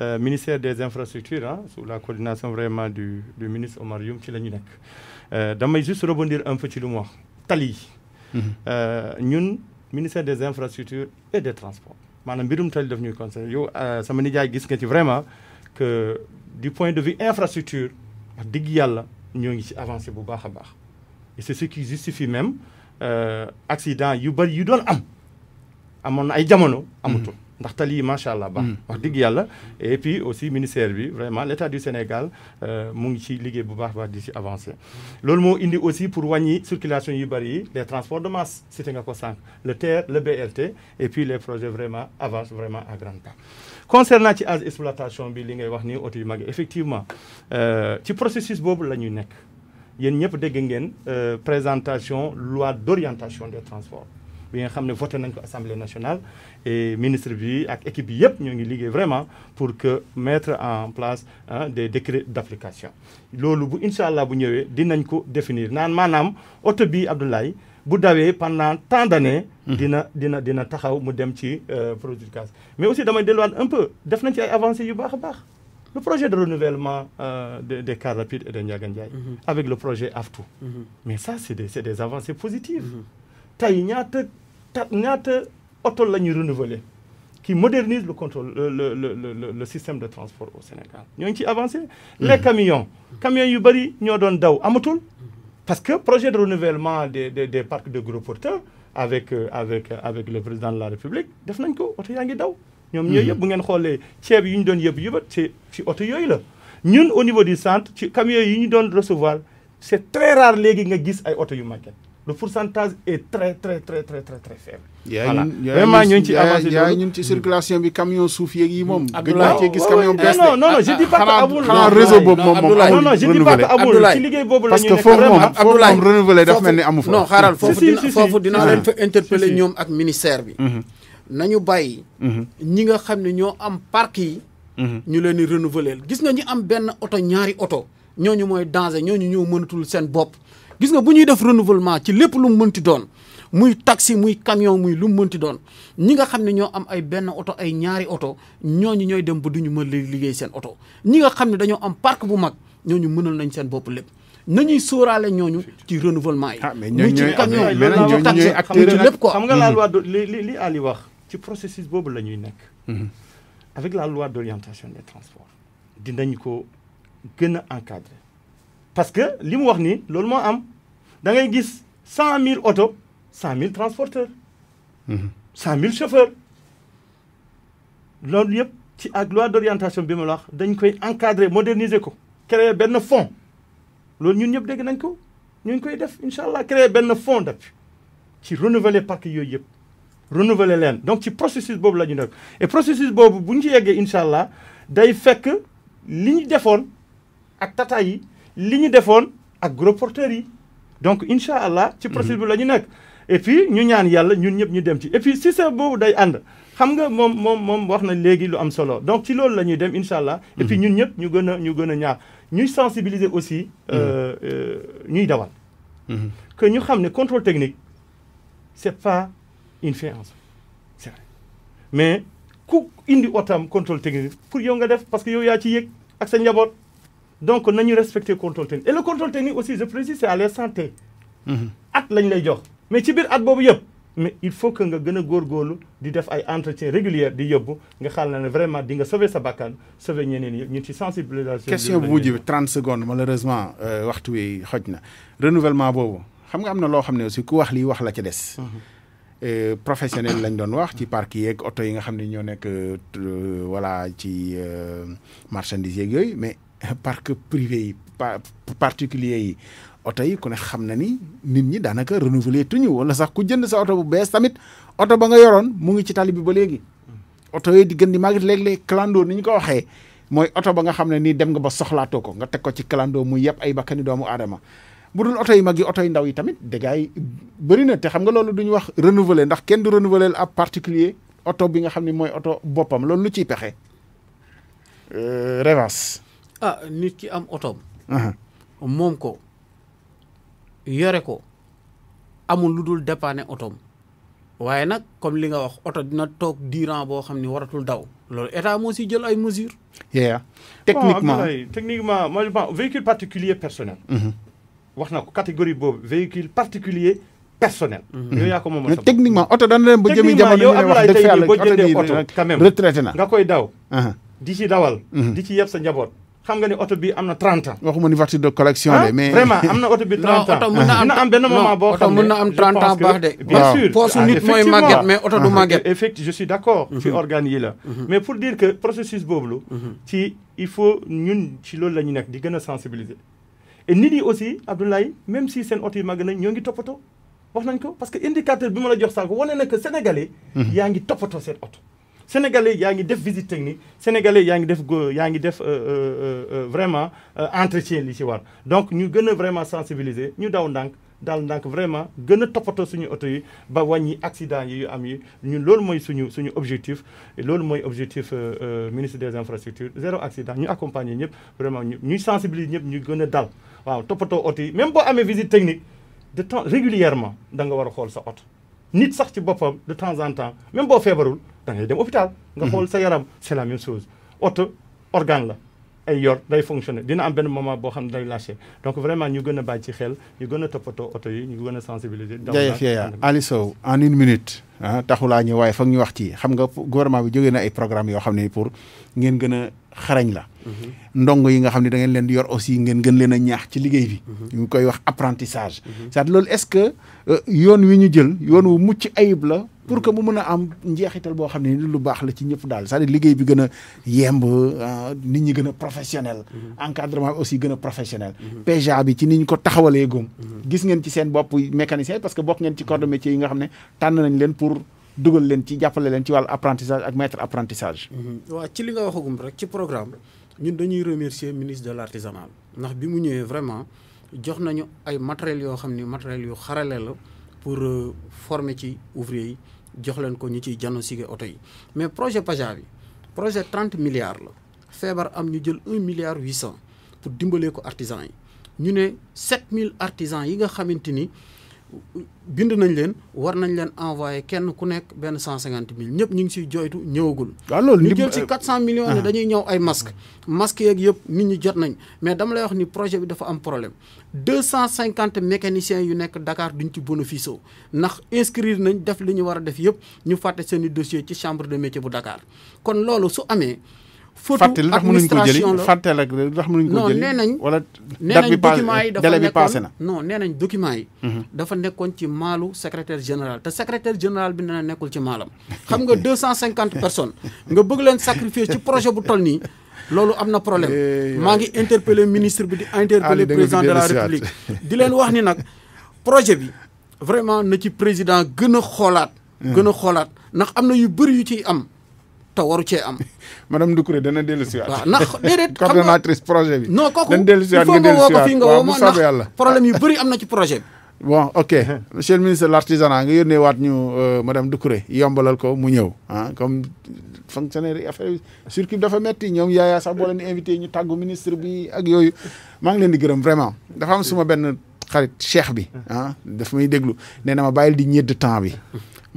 Euh, ministère des infrastructures hein, sous la coordination vraiment du ministre Omar Youm je vais euh, juste rebondir un peu sur moi. Nous, tali mhm. euh, ministère des infrastructures et des transports Je Birum tali daf ñuy concerné yow sama gis que vraiment que du point de vue infrastructure nous avons avancé bu et c'est ce qui justifie même accident yu bëri am amoon ay mhm ndax tali yi macha allah mm. wax dëgg yàlla et puis aussi ministère bi vraiment l' du Sénégal euh, mu ngi ci liggéey bu baax baax di ci avancé loolu moo indi aussi pour wàññi circulation yu bari les transports de masse c'est nga ko sànq le TER le BRT et puis les projets vraiment avancent vraiment à grande pas concernant ci âge exploitation bi li ngay wax ni mag effectivement euh, ci processus boobu la ñuy nekk yéen ñëpp dégg ngeen euh, présentation loi d'orientation des transports Bien avons voté l'Assemblée nationale et ministre et l'équipe équipe bi yëpp vraiment pour que mettre en place hein, des décrets d'application. application loolu bu incha allah bu ñëwee dinañ ko définir Nan manam bi Abdoulaye pendant tant d'années, mmh. dina dina dina taxaw mu dem ci euh, produit gaz mais aussi damay delluwaat un peu def nañ ci ay avancées yu le projet de renouvellement euh, des, des cars rapides et de Ndiagandiaï, mmh. avec le projet AFTO. Mmh. Mais ça, c'est des, des, avancées positives tay ñaata ta ñaata auto la ñuy renouveler qui modernise le contrôle le le le le système de transport au Sénégal ñoo ci avancer mm-hmm. les camions camions yu bari ñoo doon daw amatul. parce que projet de renouvellement des des des parcs de gros porteurs avec euh, avec euh, avec le président de la République def nañ ko auto yaa ngi daw. ñom yooyu mm-hmm. yëpp bu ngeen xoolee ciéb yu ñu doon yeb yu ci ci auto yoy la. ñun au niveau du centre ci camions yi ñu doon recevoir c'est très rare légui nga gis ay auto yu màgget le pourcentage est très très très très très très faible. Il y a une circulation de camions suuf non non je dis pas que non non je dis pas que que interpeller ministère mhm. nañu mhm. ñi nga xam ñoo am parc yi. Mhm. ñu renouveler gis nga ñu am benn ñaari danger gis nga bu ñuy def renouvellement ci lépp lu mu mënti doon muy taxi muy camion muy lu mu mënti doon ñi nga xam ne ñoo am ay benn oto ay ñaari oto ñooñu ñooy dem ba duñu mën liggéey seen oto ñi nga xam ne dañoo am parc bu mag ñooñu mënal nañ seen bopp lépp nañuy sóoraale ñooñu ci renouvellement yi. ah mais camion muy taxi muy ci lépp quoi. xam nga la mm-hmm. loi li li li Ali wax ci processus boobu la ñuy nekk. Mm-hmm. avec la loi d'orientation des transports dinañ ko gën a encadrer parce que ce qui wax que gis transporteurs 100 000 chauffeurs Tout qui ci ak loi d'orientation bi wax encadrer moderniser créer un fonds Ce ñun ñëpp dégg nañ ko créer fonds renouveler parc renouveler donc ci processus bobu la et processus bobu buñ ci yeggé que day ligne de defoon ak gros donc incha allah. ci mhm. procédure la et puis ñu ñaan yàlla ñun et puis si c'est boobu day ànd xam nga moom moom moom wax na léegi lu am solo donc ci loolu la dem allah. et puis mhm. ñun ñëpp ñu gën a ñu gën a sensibiliser aussi. Euh, mhm. euh, ñuy dawal. que ñu xam contrôle technique c'est pas une c'est vrai mais ku indi otam contrôle technique pour yow nga def parce que yow yaa ci yëg ak sa donc nañu respecté contrôle technique et le contrôle technique aussi je précise c'est à la santé. Mhm. at lañ lay jox mais ci biir at boobu yëpp. mais il faut que nga gën a góorgóorlu di def ay entretien régulier di yobbu nga xal na vraiment di nga sauver sa bakkan sauver ñeneen yëpp ñu ci sensibilisation. question bu mujj 30 secondes malheureusement euh, waxtu wi xoj na renouvellement boobu xam nga am na loo xam ne aussi ku wax lii wax la ca des. Mhm. Euh, professionnel lañ doon wax ci parc yeeg auto yi nga xam ne ñoo nekk euh, voilà ci marchandise yeeg yooyu mais. parc privé yi particulier yi oto yi ku ne xam na ni nit ñi daanaka tu tuñu wala sax ku jënd sa oto bu bees tamit oto ba nga yoroon mu ngi ci tali bi ba léegi oto yooyu di gën di léeg-léeg clando ni ñu ko waxee mooy oto ba nga xam ne nii dem nga ba soxlaatoo ko nga teg ko ci clando mu yeb ay bakkani doomu aadama bu dul oto yi mag yi oto yi ndaw yi tamit dégâts yi bëri na te xam nga loolu duñu wax renouveler ndax kenn du renouveler ab particulier oto bi nga xam ne mooy oto boppam loolu lu ciy pexe euh, Revaas ah nit ki am otoom. Uh-huh. moom ko yore ko amul lu dul dépanner otoom waaye nag comme li nga wax oto dina toog durant boo xam ni waratul daw loolu état moo si jël ay mesures. yaa techniquement techniquement moi je pense véhicule particulier personnel. Uh-huh. wax na ko catégorie boobu véhicule particulier personnel. Uh-huh. yooyu yaa moom mais techniquement oto dana dem ba jëmi jamono ñu lay wax dëgg fa yàlla oto bi retraité na nga koy daw. di ci dawal. di ci yeb sa njaboot. xam nga ni auto bi am na 30 ans. waxuma ni voiture de collection de ah, mais vraiment am na oto bi 30 ans. na am benn moment boo xam ne mën na am 30 ans baax de. bien ah, sûr poosu nit mooy màgget mais auto du ah, màgget. effect je suis d' accord. ci mhm. organes yi la. Mhm. mais pour dire que processus boobu mhm. ci il faut ñun ci loolu la ñu nekk di gën a sensibiliser. et nit yi aussi Abdoulaye même si seen oto yi màgg nañ ñoo ngi toppatoo wax nañ ko parce que indicateur bi ma la jox sànq wane na que sénégalais. yaa ngi toppatoo seen oto sénégalais y a def visite technique sénégalais yaa ngi def yaa ngi def euh, euh, euh, vraiment entretien li ci war donc ñu devons vraiment sensibiliser ñu daw donc, daal ndànk vraiment nous topato suñu auto yi ba wañi accident yi yu am yi ñun lool moy suñu suñu objectif lool moy objectif ministre des infrastructures zéro accident ñu accompagner ñep vraiment ñu ñuy sensibiliser ñep ñu gëna dal waaw topato auto yi même boo amé visite technique de temps régulièrement da nga wara xol sa auto nit sax ci bopam de temps en temps même boo feebarul da ngay dem hôpital. nga xool sa yaram c'est la même chose oto organe la. ay yor day fonctionner dina am benn moment boo xam ne day lâché donc vraiment ñu gën a bàyyi ci xel ñu gën a toppatoo oto yi ñu gën a sensibiliser. jaajëf yaa Ali en une minute ah taxulaa ñu waaye foog ñu wax ci xam nga gouvernement bi jógee na ay programme yoo xam ne pour ngeen gën a. xarañ la mhm. ndongo yi nga xam ne dangeen leen di yor aussi ngeen gën leen a ñaax ci liggéey bi mhm. ñu koy wax apprentissage mhm. c'est-à-dire loolu est-ce que euh, yoon wi ñu jël yoon wu mucc ayib la pour que mu mën a am njeexital boo xam ne lu baax la ci ñëpp daal cest à liggéey bi gën a yemb euh, nit ñi gën a professionnel encadrement bi aussi gën a professionnel PGA bi ci ni ñu ko taxawalee gum gis ngeen ci seen bopp mécanicien parce que bokk ngeen ci corps de yi dugal leen ci jàppale leen ci wàllu apprentissage ak maître apprentissage. Mhm. waaw ci li nga waxagum rek ci programme ñun dañuy remercier ministre de l'artisanat ndax bi mu ñëwee vraiment jox nañu ay matériels yoo xam ni matériels yu xarale la pour euh, former ci ouvriers yi jox leen ko ñu ciy diagnostiquer oto yi mais projet Paja bi projet trente milliards la feebar am ñu jël un milliard huit cent pour dimbalee ko artisan yi ñu ne sept mille artisans yi nga xamante ni. bind nañ leen war nañ leen envoyé kenn ku nekk benn cent cinquante mille ñëpp ñu ngi siy jooytu ñëwagul. waaw loolu ñu jël si cent millions dañuy ñëw ay masques. masques yeeg yëpp nit ñu jot nañ mais dama lay wax ni projet bi dafa am problème deux cent cinquante mécaniciens yu nekk Dakar duñ ci bénéfice ndax inscrire nañ def li ñu war a def yëpp ñu fàtte seen i dossier ci chambre de métier bu Dakar kon loolu su amee. photo administration la fàttali ak li tax mënuñ ko jëli non nee nañ wala date bi passé yi mhm. dafa nekkoon ci maalu secrétaire général te secrétaire général bi nee na nekkul ci maalam xam nga cent cinquante personnes nga bëgg leen sacrifier ci projet bu toll nii loolu am na problème eh, maa ngi interpellé ministre bi di interpellé président de la république di leen wax ni nag projet bi vraiment na ci président gën a xoolaat mm. gën a xoolaat ndax am na yu bëri yu ciy am te waru cee am. madame Doucouré dana dellusiwaat. waaw ndax déedéet xam nga coordonnatrice projet bi. non kooku il faut nga woo ko fii nga woo ma ndax problème yu bëri am na ci projet bi. bon ok monsieur le ministre de l'artisanat nga yónnee waat ñu euh, madame Doucouré yombalal ko mu ñëw ah comme fonctionnaire yi affaire yi circuit dafa metti ñoom yaayaa sax boo leen di invité ñu tàggu ministre bi ak yooyu maa ngi leen di gërëm vraiment dafa am suma benn xarit cheikh bi ah daf may déglu nee na ma bàyyil di ñedd temps bi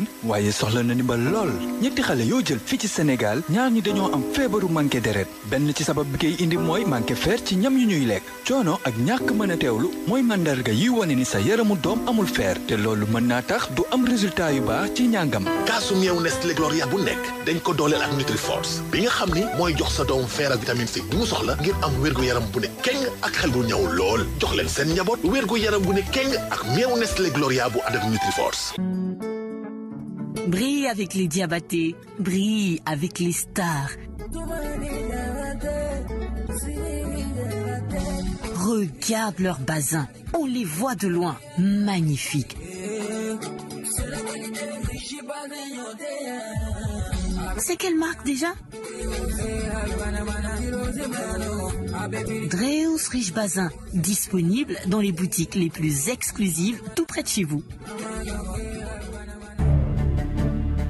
mën waaye soxla na ndimbal lool ñetti xale yoo jël fii ci Sénégal ñaar ñi dañoo am feebaru manqué deret benn ci sabab bi koy indi mooy manqué fer ci ñam yu ñuy lekk coono ak ñàkk mën a teewlu mandarga yi wane ni sa yaramu doom amul fer te loolu mën naa tax du am résultat yu baax ci ñàngam kaasu meew Nestlé Gloria bu nekk dañ ko dooleel ak Nutriforce bi nga xam ni mooy jox sa doom fer ak vitamine C bu mu soxla ngir am wérgu yaram bu ne keng ak xel bu ñaw lool jox leen seen njaboot wérgu yaram bu ne keng ak meew Nestlé Gloria bu ànd ak Nutriforce Brille avec les diabatés, brille avec les stars. Regarde leurs basins, on les voit de loin, magnifiques. C'est quelle marque déjà Dreus Riche Bazin, disponible dans les boutiques les plus exclusives tout près de chez vous.